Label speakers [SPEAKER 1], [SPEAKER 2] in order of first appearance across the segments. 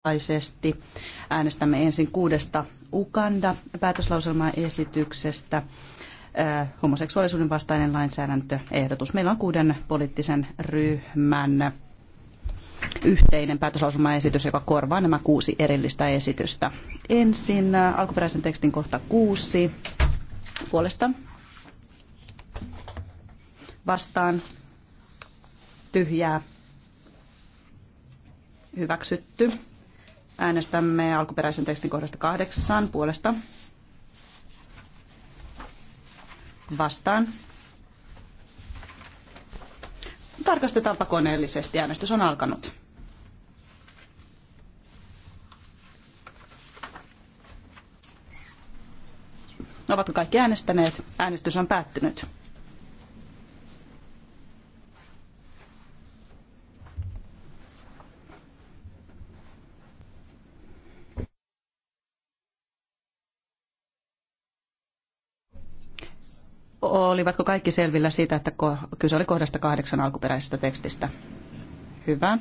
[SPEAKER 1] mukaisesti äänestämme ensin kuudesta Uganda päätöslauselmaesityksestä äh, homoseksuaalisuuden vastainen lainsäädäntöehdotus. Meillä on kuuden poliittisen ryhmän yhteinen päätöslauselmaesitys, joka korvaa nämä kuusi erillistä esitystä. Ensin äh, alkuperäisen tekstin kohta kuusi puolesta vastaan tyhjää hyväksytty. Äänestämme alkuperäisen tekstin kohdasta kahdeksan puolesta. Vastaan. Tarkastetaanpa koneellisesti. Äänestys on alkanut. Ovatko kaikki äänestäneet? Äänestys on päättynyt. Olivatko kaikki selvillä siitä, että kyse oli kohdasta kahdeksan alkuperäisestä tekstistä? Hyvä.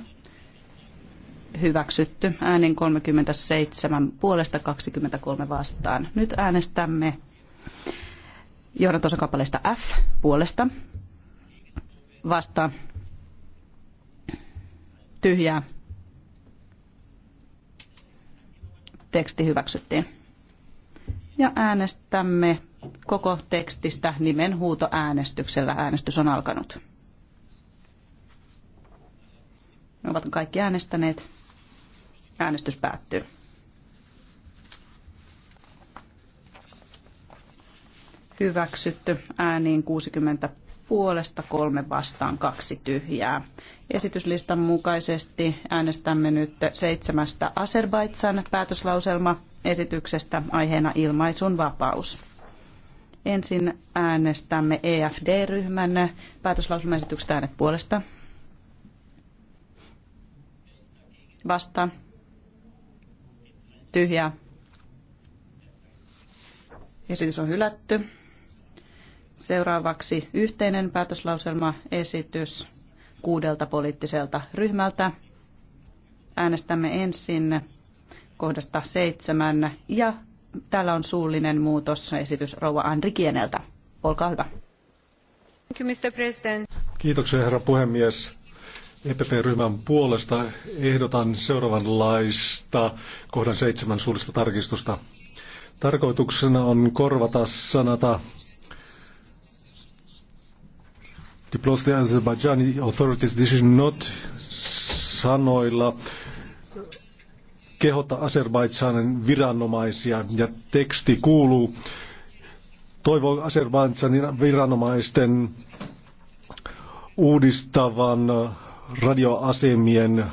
[SPEAKER 1] Hyväksytty. Äänin 37 puolesta 23 vastaan. Nyt äänestämme johdantosakappaleesta F puolesta vastaan. Tyhjää. Teksti hyväksyttiin. Ja äänestämme koko tekstistä äänestyksellä. Äänestys on alkanut. Ovat kaikki äänestäneet. Äänestys päättyy. Hyväksytty ääniin 60 puolesta, kolme vastaan, kaksi tyhjää. Esityslistan mukaisesti äänestämme nyt seitsemästä Azerbaidsan päätöslauselma esityksestä aiheena ilmaisun vapaus. Ensin äänestämme EFD-ryhmän päätöslauselmaesityksestä äänet puolesta. Vasta. Tyhjä. Esitys on hylätty. Seuraavaksi yhteinen päätöslauselmaesitys kuudelta poliittiselta ryhmältä. Äänestämme ensin kohdasta seitsemän ja Täällä on suullinen muutosesitys rouva Andri Kieneltä. Olkaa hyvä.
[SPEAKER 2] Kiitoksia herra puhemies. EPP-ryhmän puolesta ehdotan seuraavanlaista kohdan seitsemän suullista tarkistusta. Tarkoituksena on korvata sanata Diplomatic Azerbaijani Authorities Decision Not sanoilla kehota Azerbaidsanin viranomaisia ja teksti kuuluu toivoo Azerbaidsanin viranomaisten uudistavan radioasemien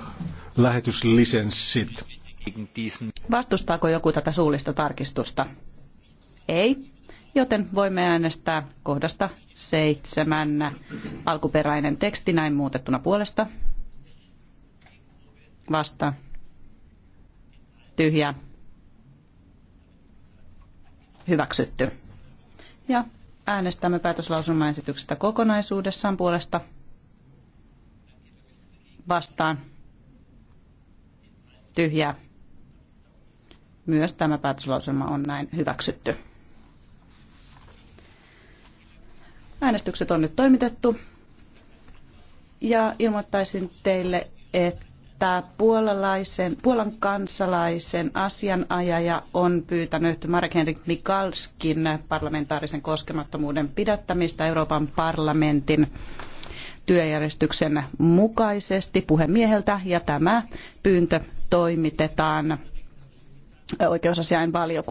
[SPEAKER 2] lähetyslisenssit.
[SPEAKER 1] Vastustaako joku tätä suullista tarkistusta? Ei, joten voimme äänestää kohdasta seitsemän alkuperäinen teksti näin muutettuna puolesta. Vasta tyhjä hyväksytty. Ja äänestämme päätöslausumaesityksestä kokonaisuudessaan puolesta vastaan tyhjää. Myös tämä päätöslauselma on näin hyväksytty. Äänestykset on nyt toimitettu ja ilmoittaisin teille, että että puolalaisen, Puolan kansalaisen asianajaja on pyytänyt Marek-Henrik Mikalskin parlamentaarisen koskemattomuuden pidättämistä Euroopan parlamentin työjärjestyksen mukaisesti puhemieheltä ja tämä pyyntö toimitetaan oikeusasiainvaliokunnalle.